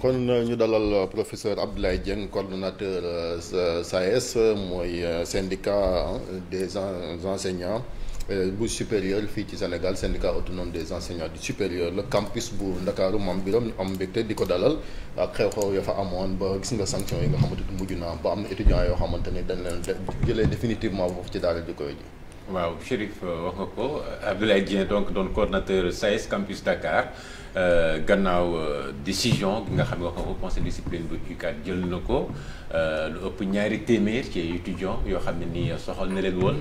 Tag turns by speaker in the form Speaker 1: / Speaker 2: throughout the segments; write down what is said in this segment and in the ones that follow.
Speaker 1: kon ñu dalal professeur Abdoulaye Dieng coordonnateur SAES euh, e mooy euh, syndicat des enseignants euh, bu supérieur fii ci Sénégal syndicat autonome des enseignants du supérieur le campus bu Ndakaaru Mame Birame ñu am mbégte di ko dalal ak xew-xew ya fa amoon ba gis nga sanction yi nga xamante ni mujj naa ba am na étudiants yoo xamante ni dañ leen jëlee définitivement foofu ci daara di koy ji
Speaker 2: waaw Chérif euh, wax nga ko Abdoulaye dien donc doon coordonnateur SAES campus Dakar euh, gannaaw euh, décision bi nga xam ne wax nga ko conseil discipline bu UCAD jël na ko lu ëpp ñaari téeméer ci étudiants yoo xam ne nii soxal na leen woon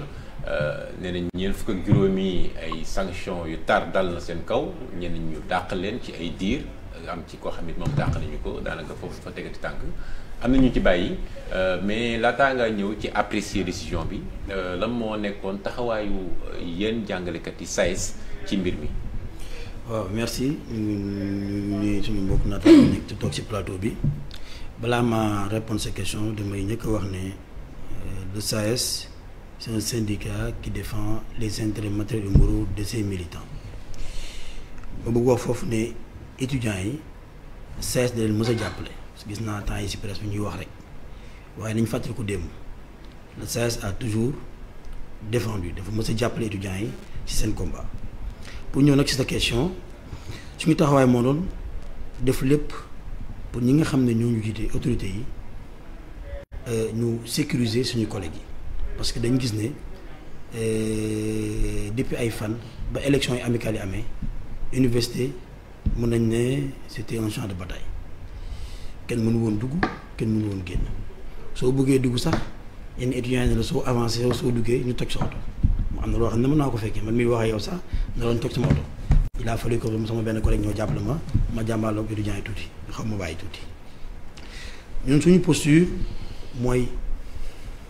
Speaker 2: nee nañ ñeent fukk ak juróomi ay sanctions yu tar dal na seen kaw ñenn ñu dàq leen ci ay diir am ci koo xam ne moom dàq nañu ko daanaka foofu fa tegati tànk. am na ñu ci bàyyi euh, mais laataa nga ñëw ci apprécier décision bi euh, lan moo nekkoon taxawaayu euh, yéen jàngalekat yi SAES e ci mbir mi.
Speaker 3: waaw merci ñu ñuy suñu mbokk naata nekk ci toog ci plateau bi balaa ma répondre ces questions damay ñëkk a wax ne le SAES e c'est un syndicat qui défend les intérêts matériels et moraux de ses militants ba bëgg wax foofu ne étudiants yi SAES e da leen mës a jàppale. gis naa temps yi si presse ñuy wax rek waaye nañ fàttaliku démb le CES a toujours défendu dafa mës a jàppale étudiants yi ci seen combat pour ñëw nag ci sa question ñu taxawaay moo doon def lépp pour ñi nga xam ne ñoo ñu jiite autorité yi euh, ñu sécuriser suñu collègues yi parce que dañ gis ne euh, depuis ay fan ba élection yi amical yi amee université mën nañ ne c'était un champ de bataille kenn mënu woon dugg kenn mënu woon génn soo bëggee dugg sax yenn étudiants yi ne la soo avancé soo duggee ñu toj sa oto mu am na loo xam ne mën naa ko fekkee man mi wax ak yow sax na doon toj sama oto il a fallu que sama ko collègue ñoo jàppale ma ma jàmbaale ak étudiants yi tuuti ma bàyyi tuuti ñun suñu posture mooy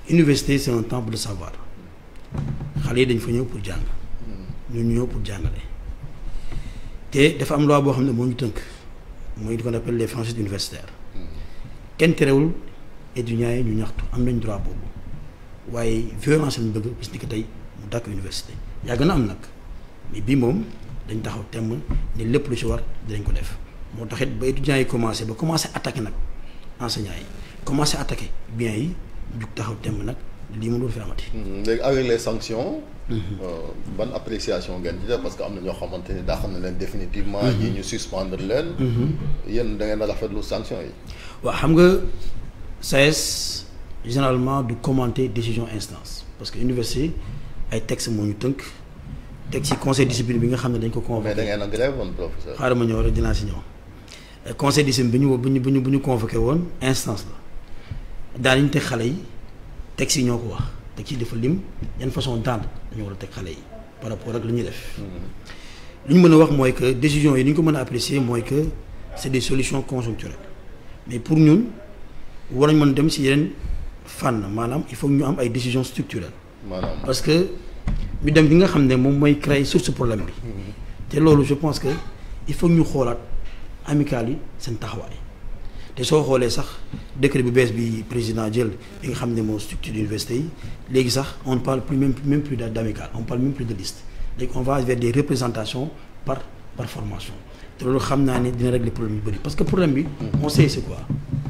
Speaker 3: université c'est un temple de savoir xale yi dañ fa ñëw pour jàng ñun ñu ñëw pour jàngale te dafa am loi boo xam ne moo ñu tënk mooy li qu'on appelle les franchises kenn terewul étudiants yi ñu ñaxtu am nañ droit boobu waaye violence lañ bëgg bis ni ko tey mu dàkk université yàgg na am nag bi bii moom dañ taxaw temm ne lépp lu ci war dinañ ko def moo tax it ba étudiants yi commencé ba commencé attaqué nag enseignants yi commencé attaqué biens yi jug taxaw temm nag lii mënul fi amati.
Speaker 1: Mm-hmm. léegi avec les sanctions. Mm-hmm. Euh, ban appréciation ngeen def parce que am na ñoo xamante ni daa xam ne leen définitivement. Mm-hmm. ñii ñu suspendre
Speaker 3: leen. yéen da ngeen a lu sanctions yi. waa xam nga SAES généralement du commenter décision instance parce que université ay textes moo ñu tënk textes yi conseil discipline bi nga xam ne dañ ko convoqué. mais da ngeen
Speaker 1: a grève woon professeur. xaaral ma
Speaker 3: ñëw rek dinaa si ñëw conseil discipline bi ñu bu ñu bi woon instance la daañu teg xale yi. teg si ñoo ko wax texte yi dafa lim yan façon daan dañu war a teg xale yi par rapport ak lu ñuy def. li ñu mën a wax mooy que décision yi ni ñu ko mën a apprécier mooy que c'est des solutions conjoncturelles mais pour ñun war nañ mën dem si yeneen fànn maanaam il faut ñu am ay décisions structurelles. maanaam parce que ñu dem bi nga xam ne moom mooy créer source problème bi. Mm-hmm. te loolu je pense que il faut ñu xoolaat amicale yi seen taxawaay. te soo xoolee sax décret bu bees bi président jël bi nga xam ne moo structure université yi léegi sax on ne parle plus même même plus d'amicale on parle même plus de liste par par formation te xam naa ne dina parce que problème bi on sait c'est quoi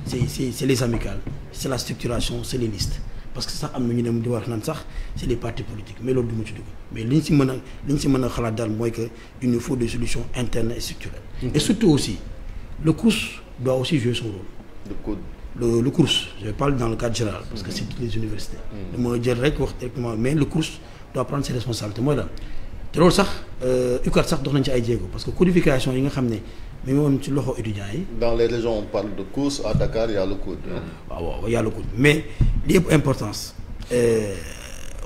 Speaker 3: c'est c'est c'est les amicales c'est la structuration c'est les listes parce que sax am na ñu dem di wax naan sax c'est les partis politiques mais loolu du ci dugg mais li ñu si mën a li ñu si mën a xalaat daal mooy que il nous faut des solutions internes et structurelles et surtout doit aussi jouer son rôle. le code le le CROUS je parle dans le cadre général. parce que mm-hmm. c'est les universités. dama jël rek wax directement mais le CROUS doit prendre ses responsabilités mooy lan. te loolu sax euh, UCAD sax dox nañ ci ay jéego parce que codification yi nga xam ne mi ngi woon ci loxo étudiants yi.
Speaker 1: dans les régions on parle de CROUS à mm-hmm.
Speaker 3: mais li ëpp importance euh,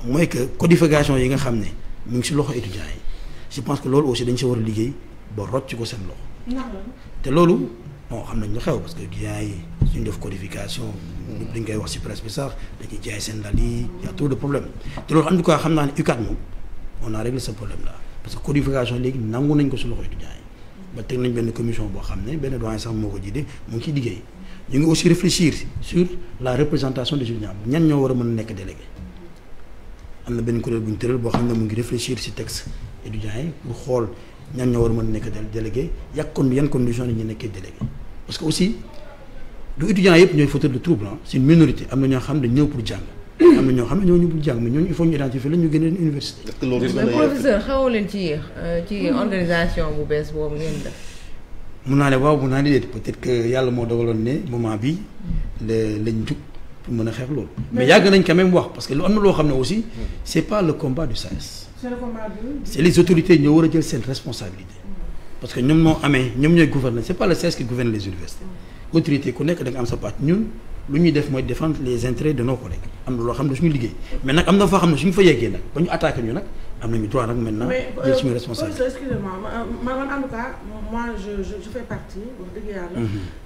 Speaker 3: mooy que codification yi nga xam ne mu ngi si loxo étudiants yi je pense que loolu aussi dañ war a liggéey ba rocc ko seen loxo. te loolu. bon xam nañ lu xew parce que clients yi suñu def codification. ñëpp dañ koy wax ci presse bi sax dañuy jaay seen dal yi y' a trop de problème te loolu en tout cas xam naa ne UCAD moom on a réglé ce problème là parce que codification léegi nangu nañ ko su loxo étudiants yi ba teg nañ benn commission boo xam ne benn doyen sax moo ko jiite mu ngi ciy liggéey ñu ngi aussi réfléchir sur la représentation des étudiants ñan ñoo war a mën a nekk délégué am na benn kuréel bu ñu tëral boo xam ne mu ngi réfléchir ci texte étudiants yi pour xool ñan ñoo war a mën a nekk délégué yàq kon yan condition la ñu nekkee délégué. parce que aussi du étudiants yëpp ñooy fauteurs de trouble ah c'est une minorité am na ñoo xam ne ñëw pour jàng. am na ñoo xam ne ñoo ñu bul jàng mais ñooñu il faut ñu identifier la ñu gën leen professeur
Speaker 4: xawoo leen ci euh, ci hmm. organisation bu bees boobu ngeen def.
Speaker 3: mun naa ne waaw mun naa ne déet peut-être que yàlla moo dogaloon ne moment bi la lañ jug pour mën a xeex loolu. mais yàgg nañ quand même wax parce que lu am na loo xam ne aussi. Hmm. c'est pas le combat du SAES. E c'est le war a jël seen responsabilité. parce que ñoom moo amee ñoom ñooy gouverner c'est pas le CESE qui gouverne les universités autorité ku nekk da am sa part ñun lu ñuy def mooy défendre les intérêts de nos collègues am na loo xam ne suñu liggéey mais nag am na foo xam ne suñu fa yeggee nag ba ñu attaqué ñu nag am nañu droit nag maintenant jël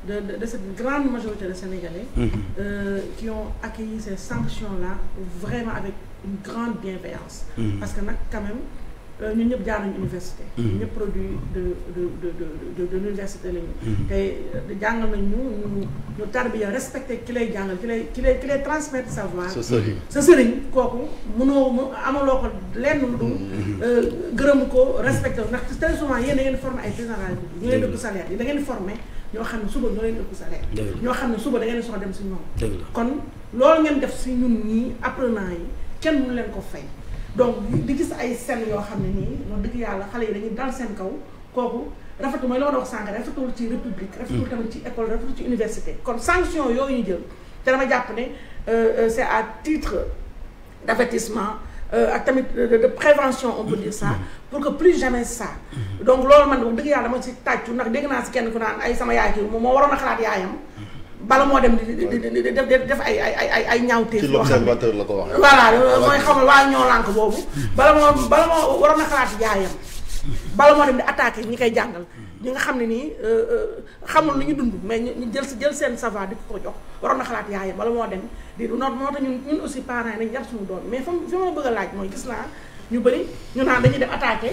Speaker 4: de de cette grande de Sénégalais mhm. euh, qui ont accueilli ces sanctions là vraiment avec une grande bienveillance mhm. parce que nag quand Euh, ñun ñëpp jaar nañu université. Mm-hmm. ñëpp produit de de de de de l'université lañu. Mm-hmm. Euh, jàngal nañ ñu ñu ñu tarbiya respecté ki lay jàngal ki lay ki lay ki lay transmettre savoir. sa sëriñ sa kooku mënoo mu amaloo ko lenn lu mm-hmm. euh, gërëm ko respecté ko ndax très souvent yéen da formé ay général ñu yi nangeen ngeen formé ñoo xam ne suba ñoo leen dëkk salaire. ñoo xam ne suba da ngeen soxla dem si ñoom. kon loolu ngeen def si ñun ñii apprenant yi kenn mënu leen ko fay. donc di gis ay scènes yoo xam ne nii wax dëgg yàlla xale yi dañuy dal seen kaw kooku rafetu mooy loo wax sànq rafetul ci république. rafetul tamit ci école rafetul ci université. kon sanction yooyu ñu jël te dama jàpp ne euh, euh, c'est à titre d'avertissement euh, ak tamit de prévention on peut dire ça pour que plus jamais ça. donc loolu man wax dëgg yàlla dama ci tàccu ndax dégg naa si kenn ku naan ay sama yaay kii moom moo waroon a xalaat yaayam. bala moo dem di di di def ay ay ay ay ñaawteef. ci l'observateur
Speaker 1: la ko waxee. voilà mooy xamal
Speaker 4: waa ñoo lànk boobu. bala moo bala moo waroon na xalaat jaayam. bala moo dem di attaqué ñi koy jàngal. ñi xam ne nii euh, euh, xamul lu ñu dund mais ñu jël jël seen savoir di jox waroon na xalaat yaayam bala moo dem di noot moo tax ñun ñun aussi parents yi nañ yar doom mais fa fi ma bëgg a laaj mooy gis naa ñu bëri ñu naan dañuy dem attaqué.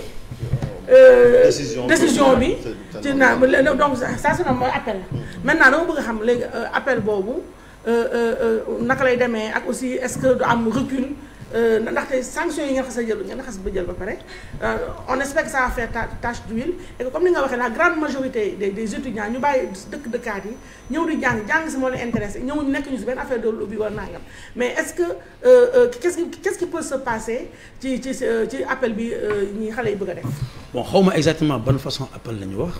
Speaker 4: Euh, décision bi ci naa donc ça c'est mooy appel mm. maintenant dama bëgg a xam léegi euh, appel boobu euh, naka lay demee ak aussi est-ce que du am recul Euh, na ndaxte sanction yi nga xas a jël ba jël ba pare euh, on espère que ça va faire tache comme ni nga waxee la grande majorité des des étudiants ñu bàyyi dëkk dëkkaat yi ñëw di jàng jàng si moo leen intéressé ñëw ñu nekk ñu si benn affaire de lobby wala nangam mais est que euh, quest qui quest se passer ci ci ci appel bi ñi xale yi bëgg a def.
Speaker 3: bon xaw ma exactement ban façon appel la ñu wax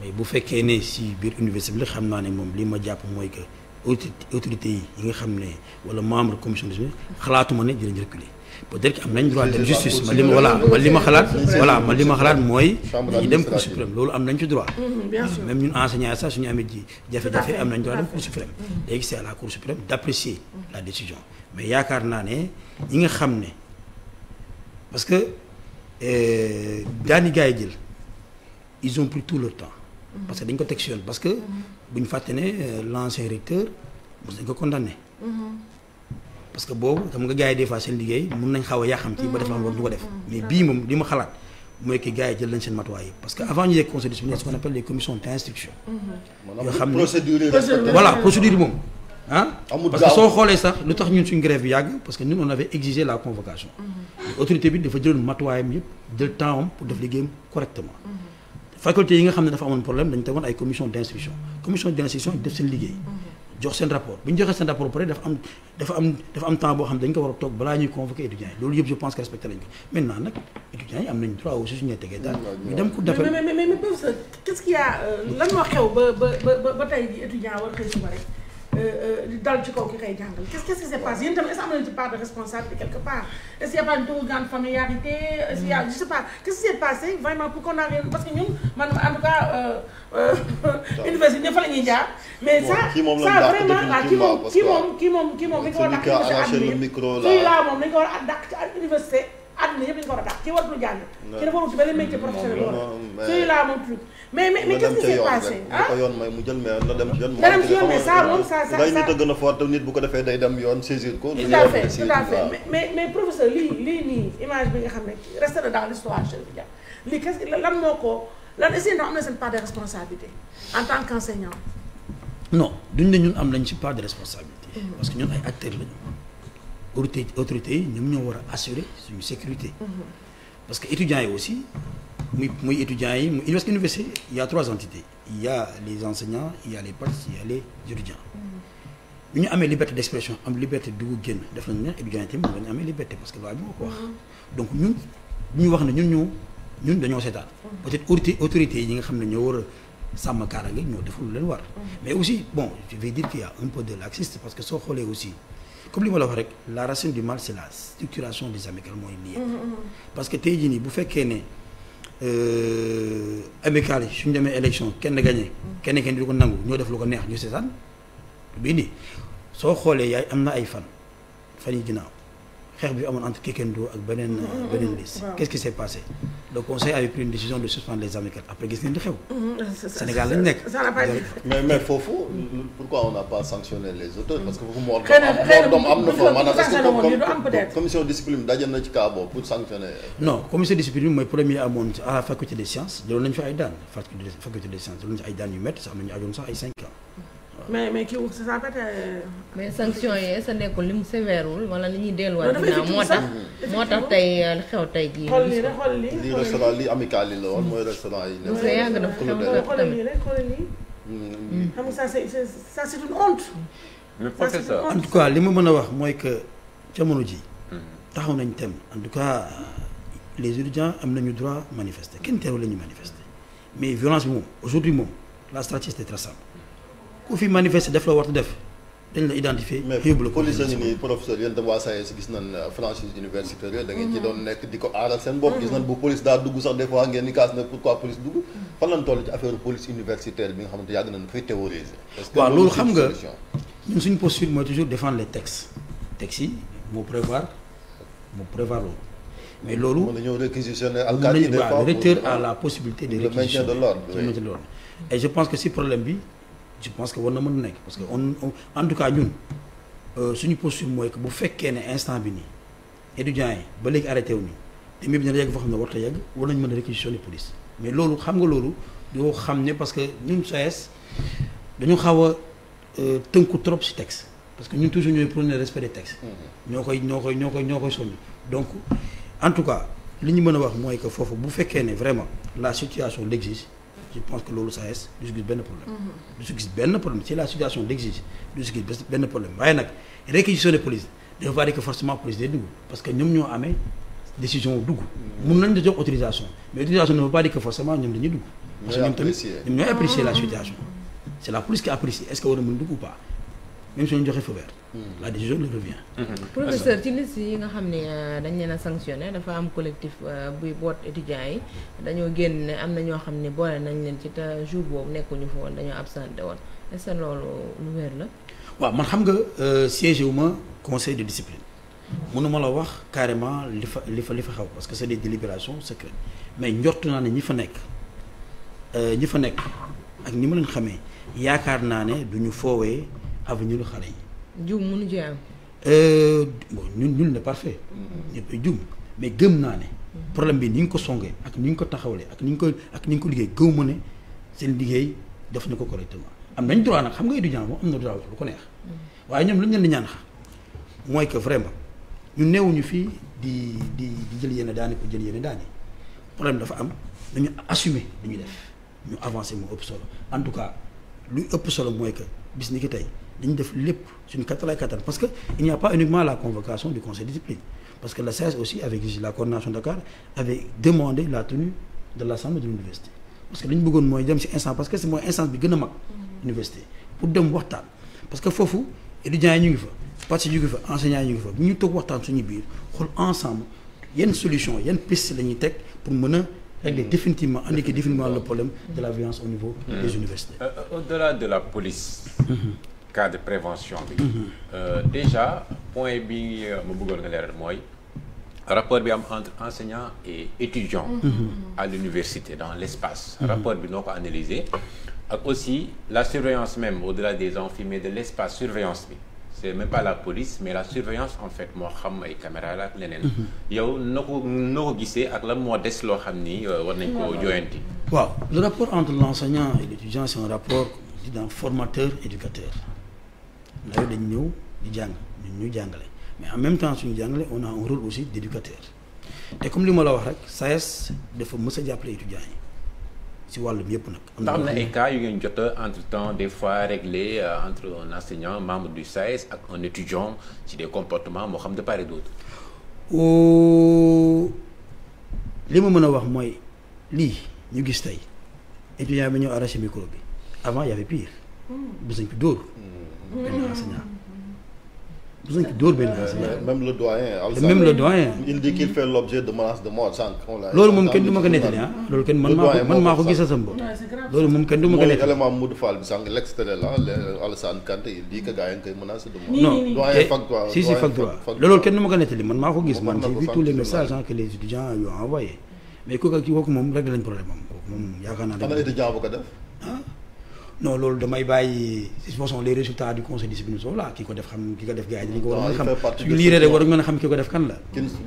Speaker 3: mais bu fekkee ne si biir université bi xam naa ne moom li ma jàpp mooy que. autorité yi yi nga xam ne wala membre commission de xalaatuma ne dinañ reculer peut-être que am nañ droit dem justice li ma voilà li ma xalaat voilà man li ma xalaat mooy dañu dem cour suprême loolu am nañ ci droit mhm, même ñun enseignant sax suñu amee ji jafe-jafe am nañ droit dem cour mhm. suprême léegi c'est à la cour suprême d'apprécier la décision mais yaakaar naa ne ñi nga xam ne parce que euh, daani gars yi jël ils ont pris tout le temps mhm. parce que dañ ko teg si parce que bu ñu fàtte ne euh, l'ancien recteur mos nañ ko condamné. Mm-hmm. parce que boobu xam nga gars yi des seen liggéey mun nañ xaw a yàqam ci ba def am ñu ko def mm-hmm. mais bii moom li ma xalaat mooy que gars jël nañ seen matuwaay yi parce que avant ñu yegg conseil disciplinaire ce qu'on appelle les commissions d'instruction. Mm-hmm. yoo xam ne voilà yi moom. parce que soo xoolee sax lu tax ñu suñu grève bi yàgg parce que ñun on avait exigé la convocation. autorité bi dafa jël faculté yi nga xam ne dafa amoon problème dañu tegoon ay commission d' instruction commission d' instruction def seen liggéey jox seen rapport bu ñu joxee seen rapport pare dafa am dafa am temps boo xam ne ko war a toog balaa ñuy convoquer étudiants yi loolu yëpp je pense que respecté lañu ko maintenant nag étudiants yi am nañu droit aussi suñu tegee daal ñu dem ko defal mais
Speaker 4: mais mais mais qu'est-ce qu'il Euh, euh, dal ci kaw ki koy jàngal qu'est-ce qu'est-ce qui s'est passé yéen tamit est-ce que am ci part de responsabilité quelque part a pas une trop grande familiarité est y a je sais pas qu'est-ce qui s'est passé vraiment pour qu'on arrive parce que ñun man en tout cas euh, université ñëpp fa la ñuy jaar mais ça ça vraiment ah kii moom kii moom kii moom kii moom a dàq àdduna yëpp dañu ko war a dàq ci waratu jàng ci dafa warut beneen métier mm, professionnel loolu suy laa moom truc mais mais mais qu'est-ce qui s'est passé ah? ko
Speaker 1: yoon may mu jël mais na dem ci yoon na dem ci yoon mais ça moom ça ça day nit a gën a fort nit bu ko defee day dem yoon saisir ko tout à fait tout à fait
Speaker 4: mais mais professeur lii lii nii image bi nga xam ne resté na dans l'histoire Cheikh Tidiane lii qu'est-ce que lan moo ko lan essayé na am na seen part de responsabilité en tant qu'enseignant
Speaker 3: non duñ ne ñun am nañ ci part de responsabilité mm-hmm. parce que ñun ay acteurs lañu autorité autorités yi ñoom ñoo war a assurer suñu sécurité. Mm-hmm. parce que étudiants yi aussi muy muy yi mu université il y a trois entités il y a les enseignants il y a les profs il y a les étudiants. Mm-hmm. bu ñu amee liberté d'expression am liberté dugg génn def nañu ne étudiants yi tamit moom dañu amee liberté parce que loi bi moo ko wax. Mm-hmm. donc ñun ñu wax na ñun ñoo ñun dañoo seetaan. peut-être autorité yi nga xam ne ñoo war a sàmm kaaraange ñoo deful lu leen war. mais aussi bon que soo xoolee aussi. comme li ma la wax rek la racine du mal c'est la structuration des amicales mooy lii mm-hmm,
Speaker 4: mm-hmm.
Speaker 3: parce que tey jii nii bu fekkee ne euh, amicales yi suñu demee élection kenn gagné. Mm-hmm. kenn kenn du ko nangu ñoo def lu ko neex ñu seetaan bii nii soo xoolee yaay am na ay fan fan yi ginnaaw xeex bi amoon entre Kikendo ak beneen mm-hmm. euh, beneen liste qu'est-ce qui s'est passé le conseil avait pris une décision de suspendre les amicales après gis ngeen di xew mm-hmm. Sénégal lañ nekk foofu pourquoi on n'a pas sanctionné les auteurs parce que foofu moor doom am na fa maanaam est-ce que
Speaker 1: commission discipline daje na ci cas pour sanctionner
Speaker 3: non commission discipline mooy premier amoon faculté des sciences jëloon nañu fi ay daan faculté
Speaker 4: mais mais kii wu euh, mais sanction yi sa ce que nekkul lim sévère wul wala li ñuy delluwaat. ginnaaw moo tax moo tax tey euh, xew tey jii. xool lii rek xool
Speaker 1: lii lii restaurant lii amical yi la woon mooy restaurant yi.
Speaker 3: Mm.
Speaker 4: nga ça c'est ça c'est tout
Speaker 3: cas li ma mën a wax mooy que jamono ji mm-hmm. taxaw nañ tem en tout cas les étudiants am nañu droit manifester kenn teeru la ñu manifester mais violence bi moom aujourd'hui moom la stratégie c'est très ku fi manifester def la war a def dañ la identifier. yóbbu la police ngi
Speaker 1: nii professeur yéen tam waa gis nañ euh, franchise universitaire yooyu da ci mhm. doon nekk di ko aaral seen bopp. gis nañ bu police daa dugg sax des ngeen ni kaas na pourquoi police dugg. fan lañ toll ci affaire police universitaire bi nga xam nga
Speaker 3: ñun suñu posture mooy toujours défendre les textes yi moo prévoir moo prévoir loolu. mais loolu mën nañoo réquisitionner a je pense que war na mën a nekk parce que on en tout cas ñun euh, suñu posture mooy que bu fekkee ne instant bi nii étudiants yi ba léegi arrêté wu nii te mbir bi dina yegg foo xam ne warut a yegg war nañu mën a réquisitionner police mais loolu xam nga loolu doo xam ne parce que ñun SOES dañu xaw a euh, tënku trop ci texte parce que ñun toujours ñooy prôner respect des textes. Mm-hmm. ñoo koy ñoo koy ñoo koy ñoo koy soññ donc en tout cas li ñu mën a wax mooy que foofu bu fekkee ne vraiment la situation l'exige je pense que loolu SAES du si gis benn problème. Mm-hmm. du si benn problème si la situation l'exige du si benn problème waaye nag réquisition de police dafa va dire que forcément police day dugg parce que ñoom ñoo amee décision dugg. Mm-hmm. mun nañ la jox autorisation mais autorisation ne veut pas dire que forcément ñoom dañuy dugg. Mm-hmm. pas. même suñu joxe feu vert hmm. la décision hmm. professeur ci
Speaker 4: liste yi nga xam ne euh, dañ leen a dafa am collectif euh, buy boot étudiants yi dañoo génn ne am na ñoo xam ne boole nañ leen ci te jour boobu nekkuñu fa woon dañoo absenté woon est-ce que loolu lu wér la
Speaker 3: waaw man xam nga euh, siège wu ma conseil de discipline mënuma la wax carrément li fa li fa li fa xew parce que c'est des délibérations secrètes mais njort naa ne ñi fa nekk ñi fa nekk ak ni ma leen xamee yaakaar naa ne duñu foowee avenir lu xale yi.
Speaker 4: juum mënu ci am.
Speaker 3: Euh, ñun ñun ne parfait. Mm-hmm. ñëpp juum mais gëm naa ne. Mm-hmm. problème bi ni ñu ko songee ak ni ñu ko taxawalee ak ni ñu ko ak ni ñu ko liggéey gëw ma ne seen liggéey def na ko correctement am nañ droit nag xam nga étudiant moom am na droit wax ko neex. Mm-hmm. waaye ñoom lu ñu leen di ñaan mooy que vraiment ñu newuñu fii di di jël yenn daani ko jël yenn daani problème dafa am nañu assumer li ñu def ñu avancé moo ëpp solo en tout cas lu ëpp solo mooy que bis ni ki tey. dañu def lépp suñu kattan kattan parce que il n'y a pas uniquement la convocation du conseil discipline parce que le CES aussi avec la coordination Dakar avait demandé la tenue de l'assemblée de l'université parce que li bëggoon mooy dem ci instance parce que c'est mooy instance bi gën a mag université pour dem waxtaan parce que foofu étudiants yi ñu ngi fa parce que ñu ngi fa enseignants yi ñu ngi fa ñu toog waxtaan suñu biir xool ensemble yenn solution yenn piste la ñuy teg pour mën a régler définitivement indiquer définitivement le problème de la violence au niveau mmh. euh,
Speaker 2: euh, la police mmh. cas de prévention bi. Euh, déjà point bi euh, ma bëggoon nga mooy rapport bi am entre enseignant et étudiant. à l'université dans l'espace. rapport bi noo ko analyser ak aussi la surveillance même au-delà des amphis mais de l'espace surveillance bi. c'est même pas la police mais la surveillance en fait moo xam ay caméra la ak leneen. yow ko noo ko ak lan moo des loo xam ni euh, war nañ ko joyanti.
Speaker 3: et l'étudiant c'est un rapport dit formateur éducateur. lay dañu ñëw di jàng ñun ñu jàngale mais en même temps suñu jàngalee on a un rôle aussi d'éducateur te comme li ma la wax rek SAES e dafa mës jàppale étudiants yi si wàllum yëpp nag. am na
Speaker 2: ay yu ngeen jot entre temps des fois réglé euh, entre un enseignant membre du SAES e ak un étudiant ci des comportements moo xam de part et d'autre.
Speaker 3: li ma mën a wax mooy lii ñu gis tey étudiant bi ñëw arraché micro bi avant y avait Mm. bu sañ mm. fi dóor benn enseignant bu sañ fi dóor benn a
Speaker 1: même le doyen même le doyen il dit qu'il fait l'objet de menaces de mort ah. sànq loolu moom kenn du ma ko nettali loolu kenn man maa ko gis sa bopp loolu moom kenn du ma a nettali mooy élément Modou man
Speaker 3: maa ko gis man j'ai vu tous les messages que les étudiants yu envoyé mais kooku ak kooku moom réglé lañ problème am kooku moom yaakaar naa ne xanaa
Speaker 1: étudiant def
Speaker 3: non loolu damay bàyyi ce sont les résultats du conseil disciplinaire là ki ko def xam ki ko def gars yi dañu ko war a mën a xam a mën ki ko def kan la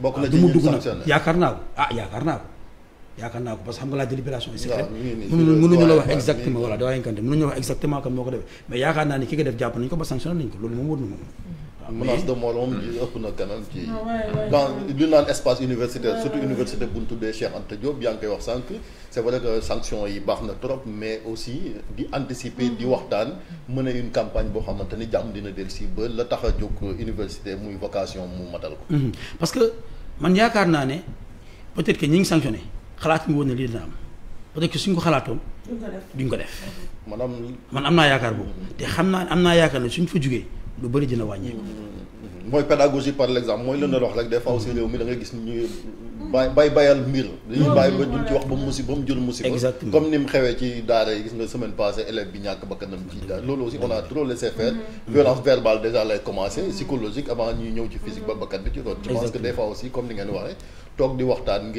Speaker 3: waaw ah, mu dugg nag yaakaar naa ko ah yaakaar naa ko parce que xam nga la délibération est secrète mënuñu la wax exactement voilà dawaayenkante mënuñu la wax exactement kan moo ko defee mais yaakaar naa ni ki ko def jàpp nañu ko ba sanctionné nañu ko loolu moom wóor na moom menace de
Speaker 1: mort moom ëpp na quand même ci ah, dans li naan espace universitaire surtout université bu ñu tuddee Cheikh Anta Diop yaa ngi koy wax sànq c' est vrai que yi baax na trop mais aussi di anticiper di waxtaan mën a une campagne boo xamante ni jàmm dina del si ba la tax a jóg université
Speaker 3: muy vocation mu matal ko mhm. parce que man yaakaar naa ne peut-être que ñi ngi sanctionné xalaat ñu woon ne lii dina am peut-être que suñ ko xalaatoon duñ ko def duñ ko def man am naa yaakaar boobu mhm. te naa naa yaakaar suñ fa lu bëri dina wàññeeku. Mm-hmm.
Speaker 1: Mm-hmm. mooy pédagogie par l'exemple mooy leen wax rek des fois réew mi da gis ñu bay bay bayal mbir dañuy mm-hmm. bàyyi ba duñ ci wax ba musi ba mu jur musiba comme ni mu xewee ci daara yi gis nga semaine passée élève bi ñàkk bakkanam ci loolu aussi on a trop laissé faire violence verbale déjà lay commencé psychologique avant ñuy ñëw ci physique ba bakkan ci root je pense que des fois comme ni ngeen waxee toog di waxtaan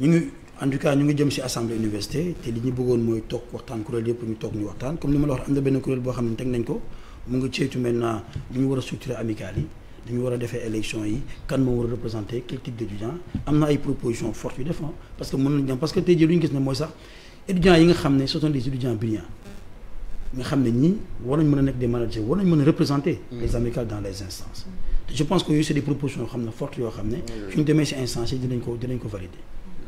Speaker 3: ngi en tout cas ñu ngi jëm ci assemblée université te li ñu bëggoon mooy toog waxtaan kuréel yëpp ñu toog ñu waxtaan comme li ma la wax am na benn kuréel boo xam ne teg nañ ko mu ngi ceytu maintenant li ñu war a structurer amicale yi dañu war a defee élection yi kan moo war a représenter quel type d'étudiant am na ay propositions fortes yu def ah, parce que mën nañu dem parce que tey jii lu ñu gis ne mooy sax étudiants yi nga xam ne ce des étudiants a nekk des managers war nañ mën a représenter mm. les amicales dans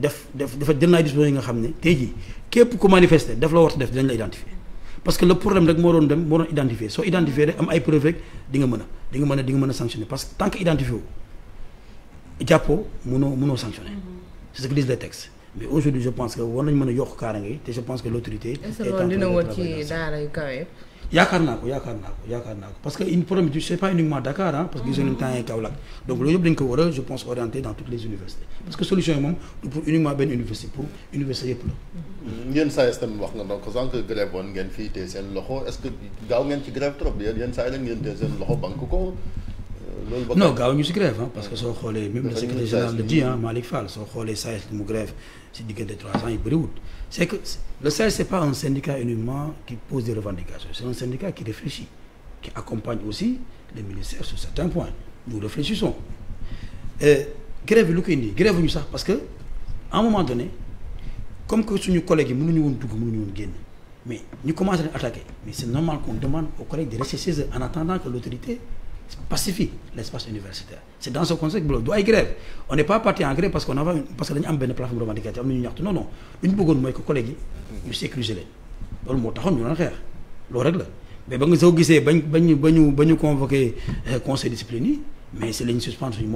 Speaker 3: def def defa jël naa disposition yi nga xam ne tey jii képp ku manifester def la war a def dinañ la identifier parce que le problème rek moo doon dem moo doon identifier soo identifier rek am ay preuve rek nga mën a di mën a di nga parce que tant que identifié wu jàppoo mënoo mënoo sanctionner mm-hmm. c'est ce que disent les textes mais aujourd'hui je pense que war nañ mën a yokk kaaraange te je pense que l'autorité est en train de travailler yaakaar naa ko yaakaar naa ko yaakaar naa ko parce que une problème c'est pas uniquement Dakar parce que gisoon nañu temps yi Kaolack donc loolu yëpp dañu ko war a je pense orienter dans toutes les universités parce que solution yi moom du benn université pour université yëpp la
Speaker 1: seen loxo est-ce que gaaw ngeen ci grève trop yéen yéen SAES la ngeen tee seen loxo banque ko loolu non
Speaker 3: gaaw ñu si grève ah parce que soo xoolee même le secrétaire général le dit ah Malick Fall soo xoolee SAES li mu grève si diggante trois ans yi bëriwul c' est que le SAES c' pas un syndicat uniquement qui pose des revendications c' un syndicat qui réfléchit qui accompagne aussi les ministères sur certains points nous réfléchissons euh, grève bi lu koy indi grève ñu sax parce que à un moment donné comme que suñu collègues mënuñu woon mais ñu commencé leen attaqué mais c' est normal qu'on collègues de rester chez eux en attendant pacifie l'espace universitaire c'est dans ce contexte bu du ay grève on n'est pas parti en parce que on avait am benn plateforme revendicative am na ñu ñaxtu non lu ñu bëggoon mooy que collègues yi ñu sécuriser ba nga soo gisee bañ bañu bañu ba ñu convoqué euh, conseil discipline yi mais c'est lañu suspendre suñu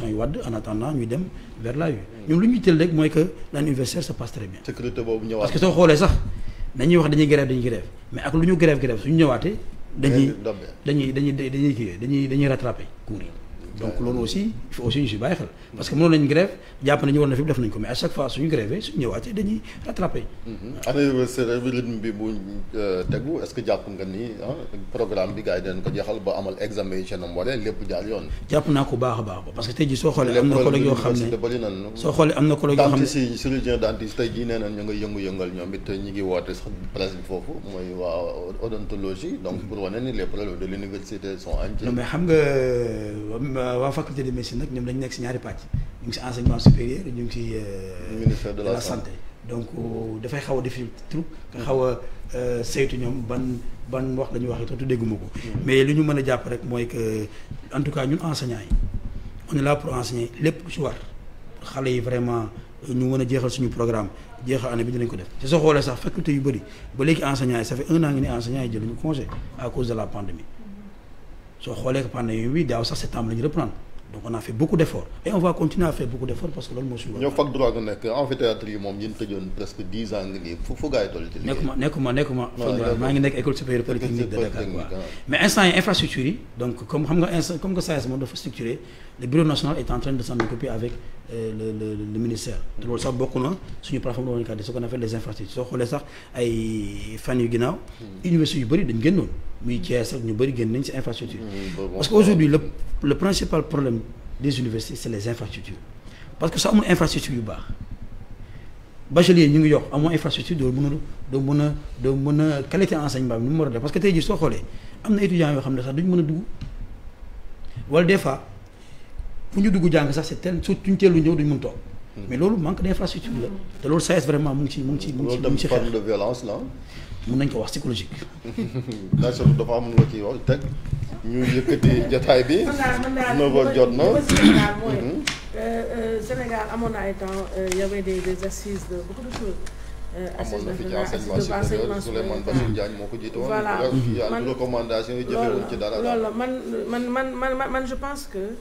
Speaker 3: ñu dem vers lu ñu teel rek mooy que l'année universitaire se boobu ñëwaat parce que soo xoolee sax dañuy wax dañuy grève dañuy grève mais ak lu ñu grève grève suñu ñëwaatee dañuy dañuy dañuy dañuy kii dañuy dañuy rattrapé cours yi. donc loolu aussi il ñu si bàyyi xel parce que mënoon nañ grève jàpp nañu war na fi def nañ ko mais à chaque fois suñu grève suñu ñëwaatee dañuy rattrapé. Mm-hmm.
Speaker 1: Euh, bi bu euh, tegu est jàpp nga ni ah, programme bi gars yi dañ ko jeexal lépp jaar
Speaker 3: yoon. jàpp naa ko baax a baax parce que tey jii soo xoolee. am na collègue yoo xam ne soo xoolee am na collègue yoo xam ne
Speaker 1: dentiste chirurgien dentiste tey na ñu ngi ñoom it ñu ngi woote sax bi foofu mooy waa odontologie donc
Speaker 3: Euh, waa faculté de médecine nag ñoom dañu nekk si ñaari pàcc ñu ngi si enseignement supérieur ñu ngi si. Euh, ministère de la santé donc euh, dafay xaw a difficile trop nga xaw a saytu ñoom ban ban wax la ñuy wax itam dégguma ko. Mm. mais li ñu mën a jàpp rek mooy que en tout cas ñun enseignants yi on est là pour enseigner lépp lu si war xale yi vraiment ñu mën a jeexal suñu programme jeexal année bi dinañ ko def te soo xoolee sax faculté yu bëri ba léegi enseignants yi ça fait un an ngi soo xoolee que pendant yooyu daaw sax septembre la ñu reprendre donc on a fait beaucoup d' efforts et on continuer à faire beaucoup d' parce que loolu moo suñu. ñoom
Speaker 1: fac droit nga nekk amphithéâtre yi moom ñu tëjoon presque maa ngi nekk école supérieure polytechnique de Dakar quoi
Speaker 3: mais instant yi infrastructure yi donc comme xam nga instant comme que SAES moom dafa structuré le bureau national est en train de s'en avec euh, le le ministère. Hmm. te loolu sax bokk muy Thiès ak ñu bëri génn nañ ci infrastructure mm, parce que aujourd'hui le le principal problème des universités c'est les infrastructures parce que soo amul infrastructure yu baax bachelier ñu ngi yokk amoo infrastructure doo mën a doo mën a doo mën a qualité enseignement bi ni mu war a def parce que tey jii soo xoolee am na étudiants yoo xam ne sax duñ mën a dugg wal des fois fu ñu dugg jàng sax c'est tel suñ teelu ñëw duñ mën toog mm. mais loolu manque mm. te loolu mu ngi ci mu ngi mu ngi ci mu ngi
Speaker 1: de violence mun nañ ko wax psychologique. daa soog dafa am lu ciy wax teg ñu yëkkati jotaay bi. mën jot na mhm. euh,
Speaker 4: euh, Sénégal amoon na ay temps euh, y avait des des assises de beaucoup de choses. amoon na fi ci enseignement supérieur Souleymane Bassirou Diagne
Speaker 1: moo ko jiite woon. voilà man recommandation yi jëfewuñ ci dara. loolu man
Speaker 4: man man man je pense que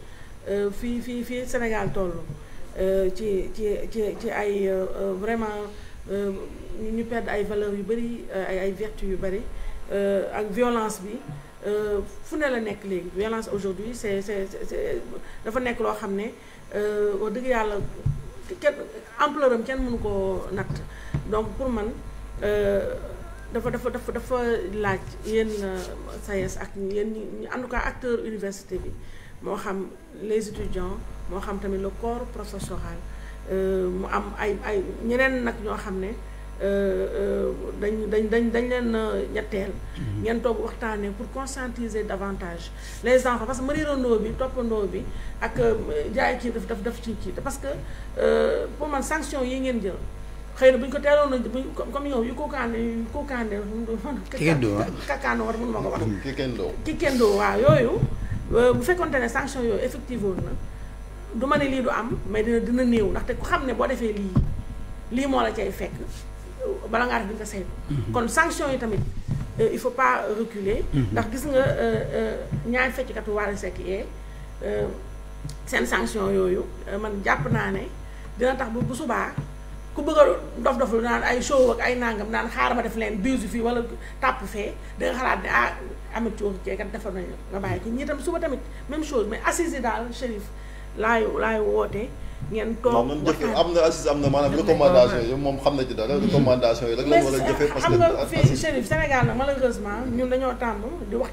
Speaker 4: fii fii fii Sénégal toll ci ci ci ci ay vraiment. Euh, ñu perdre ay valeurs yu bëri euh, ay ay yu bëri euh, ak violence bi fu ne la nekk léegi violence aujourd'hui c'est c'est dafa nekk loo xam ne wax dëgg yàlla kenn ampleur am kenn mënu koo natt donc pour man dafa dafa dafa dafa laaj yenn SAES ak yenn en tout cas acteur université bi moo xam les étudiants moo xam tamit le corps professoral Euh, mu am ay ay ñeneen nag ñoo xam ne euh, euh, dañ dañ dañ dañ leen ñetteel. Mhm. ngeen toog waxtaanee pour conscientiser davantage les enfants parce que mariirandoo bi toppandoo bi ak jaay kii daf daf daf ci kii parce que pour man sanction yi ngeen jël. xëy na buñ ñu ko teeloon a bu comme yow yu ko kookaande yu kookaande. kikendoo kakaandoo war mënu ma ko wax. kikendoo kikendoo waaw yooyu bu fekkonte ne sanction yooyu effective woon na. du ma ne lii du am mais dina dina néew ndaxte ku xam ne boo defee lii lii moo la cay fekk bala ngaa def di nga saytu mhm. kon sanction yi tamit euh, il faut pas reculer mhm. ndax gis nga euh, euh, ñaari feccikatu Wally Seck yee seen sanction yooyu man jàpp naa ne dina tax bu bu subaa ku bëgg a dof dof lu naan ay show naan xaaral ma def leen bisu fii wala tàpp fee da nga xalaat ne ah amat cooxi ceekat defar nañu nga bàyyi ko ñii tam suba tamit même chose mais assise daal Chérif laay laay woote. ngeen toog man jëfe am na
Speaker 1: Aziz am na maanaam recommandation yi moom xam na ji dara recommandation yi rek la war a jëfee parce que
Speaker 4: xam nga fii ñun dañoo tàmm di wax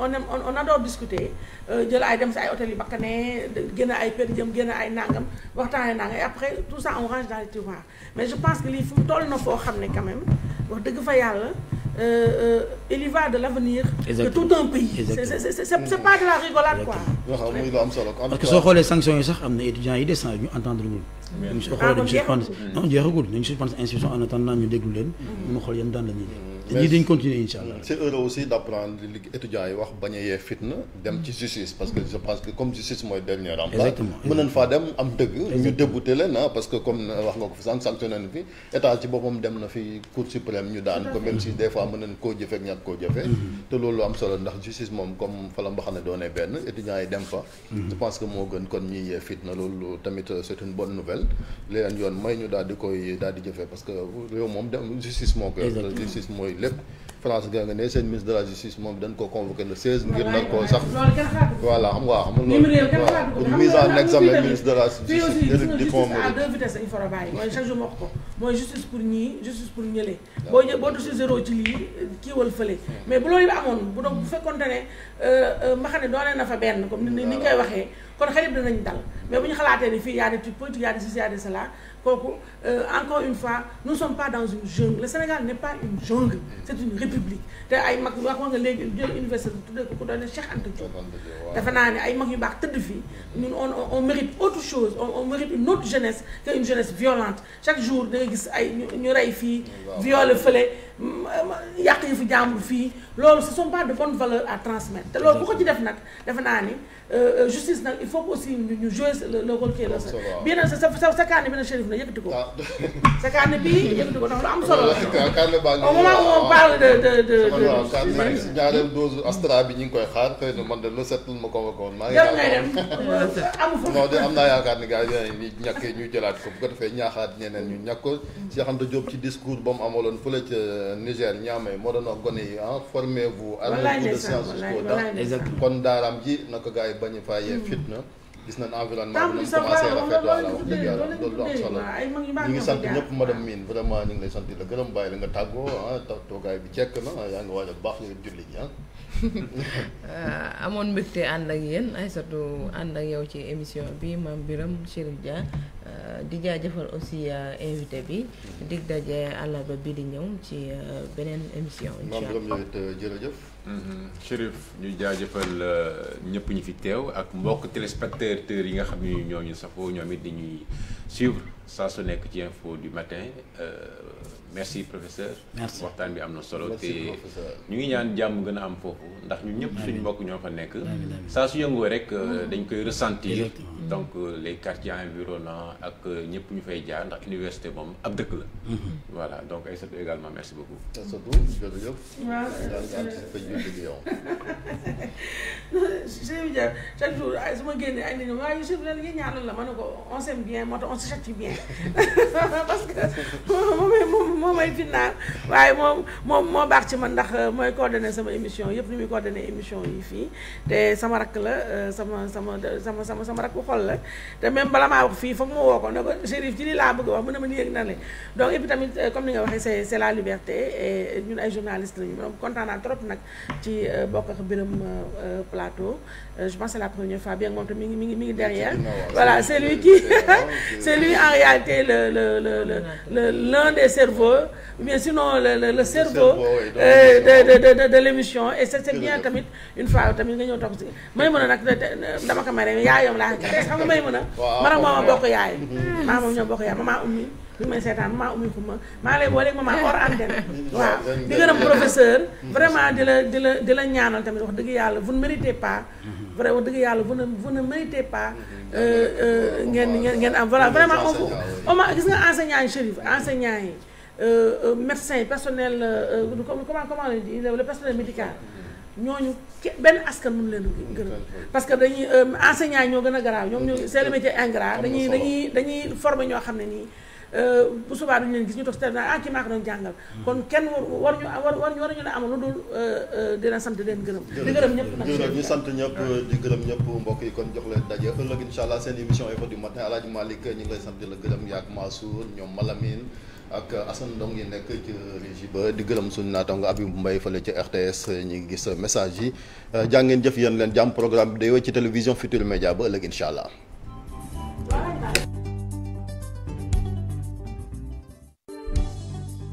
Speaker 4: on on adore discuter euh, jël ay dem si ay hôtel yu bakkanee génn ay per jëm génn ay nangam waxtaanee nangam et après tout ça on range dans les tiroirs mais je pense que lii fu mu toll na foo xam ne quand même wax dëgg fa yàlla éliva euh, euh, de l'avenir de tout un pays c'est pas de la rigolade quoi
Speaker 1: parce que soo xoolee
Speaker 3: sanctions yi sax am na étudiants yi des ñu entendre gul ñu soo xoolee ah, dañu suspendre non jeexagul nañu suspendre institution en attendant ñu déglu leen mm. mën a xool yan daan la ñuy def mais dañ continuer incha allah.
Speaker 1: c' est heureux aussi d' apprendre li yi wax bañ yee fitna dem ci justice parce que je pense que comme justice mooy dernier rempart. exactement mën nañ faa dem am dëgg. ñu débouté leen ah parce que comme wax nga ko fi sànq sanctionné na fi état ci boppam dem na fi cour suprême ñu daan ko même si des fois mën nañ koo jëfee ak ñàkk koo jëfee. Mm-hmm. te loolu am solo ndax justice moom comme fa la nga xam ne doonee benn étudiants yi dem fa. Mm-hmm. je pense que moo gën kon ñiy yee fitna loolu tamit euh, c' est une bonne nouvelle li leen yoon koy daal di jëfee parce que réew moom dem justice moo koy. justice lépp France nga ne seen ministre de la justice moom dañ ko convoqué le 16 ngir nar koo sax voilà de
Speaker 4: la bàyyi mooy chaque jour ma ko mooy justice pour ñii justice pour ñële boo ñë boo touché zéro ci lii kiiwal fële mais bu loolu bi amoon bu doon bu fekkonte ne euh, euh, mbaxane doonee na fa benn comme ni ni ñu waxee kon xarit danañ dal mais bu ñu xalaatee ni fii y a des trucs politiques y a des ceci y a kooku euh, encore une fois nous ne sommes pas dans une jungle le Sénégal ne pas une jungle c'est une république te ay mag wax nga léegi jël université bi ko ku doon ne Cheikh Anta dafa naa ne ay mag yu baax tëdd fii ñun on on mérite autre chose on mérite une autre jeunesse que une jeunesse violente chaque jour da nga gis ay ñu rey fii viole fële yàq yi fi jàmbur fii loolu ce sont pas de bonnes valeurs à transmettre te loolu bu ko ci def nag defe naa ni euh, euh, justice nag il faut aussi ñu jouer le rôle qui est sa sa kaane bi nag Chérif na yëkkati ko ah. sa ko ah. bi
Speaker 1: ñu ngi koy xaar xëy na man de le sept ma convoqué woon maa ngi ngay dem amu fa non de am naa yaakaar ni gars yi ñu jëlaat ko bu ko defee ñaaxaat ñeneen ñu ñàkk ko Cheikh Anta Diop ci discours ba mu amaloon fële ca Niger Niamey moo doon wax gone yi ah formez-vous. armez-vous de science jusqu'aux kon daaraam ji na ko gars yi bañ a fayee hmm. fitna. gis na environnement bi ñu commencé rafet wala wax dëgg yàlla loolu lu am solo
Speaker 4: ñu ngi sant ñëpp madame
Speaker 1: Mine vraiment ñu ngi lay sant la gërëm bàyyi la nga tàggoo ah, toogaay bi cekk na ah, yaa ngi waaj a baax ñu julli ji ah
Speaker 4: amoon mbégte ànd ak yéen Aïssatou ànd ak yow ci émission bi maam biram Chérif Dia euh, di jaajëfal aussi euh, invité bi mm-hmm. dig daje àllarba bi di ñëw ci euh, beneen émission incha
Speaker 2: Mm-hmm. Chérif ñu jaajëfal euh, ñëpp ñu fi teew ak mbokk téléspectateurs yi nga xam ni ñooñu safoo ñoom it di ñuy suivre. saa su nekk ci info du matin euh, merci professeur. merci waxtaan bi am na solo. te ñu ngi ñaan jàmm gën a am foofu ndax ñu ñëpp suñu mbokk ñoo fa nekk. saa su yëngoo rek euh, ah. dañ koy ressentir. donc euh, les quartiers environnants ak ñëpp ñu fay jaar ndax université moom ab dëkk la. Mm-hmm. voilà donc Aïssatou également merci beaucoup. chaque jour
Speaker 4: ah, su ma génnee ay nit ñi waaye Youssouf lan nga ñaanal la ma ne ko on s'aime bien moo bien. parce que moom moo may finnaal waaye moom moom moo baax ci man ndax euh, mooy coordonné sama émission yëpp ni muy coordonné émission yi fii te sama rakk la euh, sama sama sama sama sama rakk xol la te même bala maa wax fii foog ma woo ko ne ko Chérif ci lii laa bëgg wax mu ne ma nii ak nan la donc et puis tamit euh, comme ni nga waxee c'est c'est la liberté et ñun ay journalistes lañu donc kontaan naa trop nag ci bokk ak Birame plateau Euh, je pense c'est la première fois bien moom tamit mi ngi mi ngi mi ngi derrière voilà c'est qui c'est en réalité le le le le l'un des cerveaux mais sinon le le cerveau euh, de de de l'émission et c'est bien tamit une fois tamit nga ñëw toog si may mën a nag dama ko may yaayam laa xam nga may mën a maanaam moom a bokk yaay maanaam moom ñoo bokk yaay maman ummi ñu may seetaan maa ummi ko ma maa lay booleeg ma maa hors antenne waaw di gërëm professeur vraiment di la di la di la ñaanal tamit wax dëgg yàlla vous ne méritez pas vrai wax dëgg yàlla vous ne vous ne méritez pas euh, euh, ngeen ngeen ngeen am voilà vraiment on oma gis nga enseignant yi Chérif enseignant yi euh, médecin yi personnel comment comment on di le personnel médical ñooñu benn askan mënu leen gërëm parce que dañuy enseignant yi ñoo gën a garaaw ñoom ñoo c'est le métier ingrat dañuy dañuy dañuy former ñoo xam ne nii Euh, bu subaa duñu leen gis ñu toog si terminal ah kii doon jàngal hmm. kon kenn war ñu war war war ñu ne amul lu dul euh, euh, dina sant leen gërëm di gërëm ñu sant
Speaker 1: ñëpp di gërëm ñëpp mbokk yi kon jox leen daje ëllëg incha allah seen émission Infos du matin Alaaji Malick ñu ngi lay sant di la gërëm yaag Mansour ñoom Malamine ak Assane Ndong yi nekk ci régie ba di gërëm suñu naataango Abib Mbaye fële ci RTS ñu ngi gis message yi jaa jëf yéen leen jàmm programme bi day wéy ci télévision Futurs Médias ba ëllëg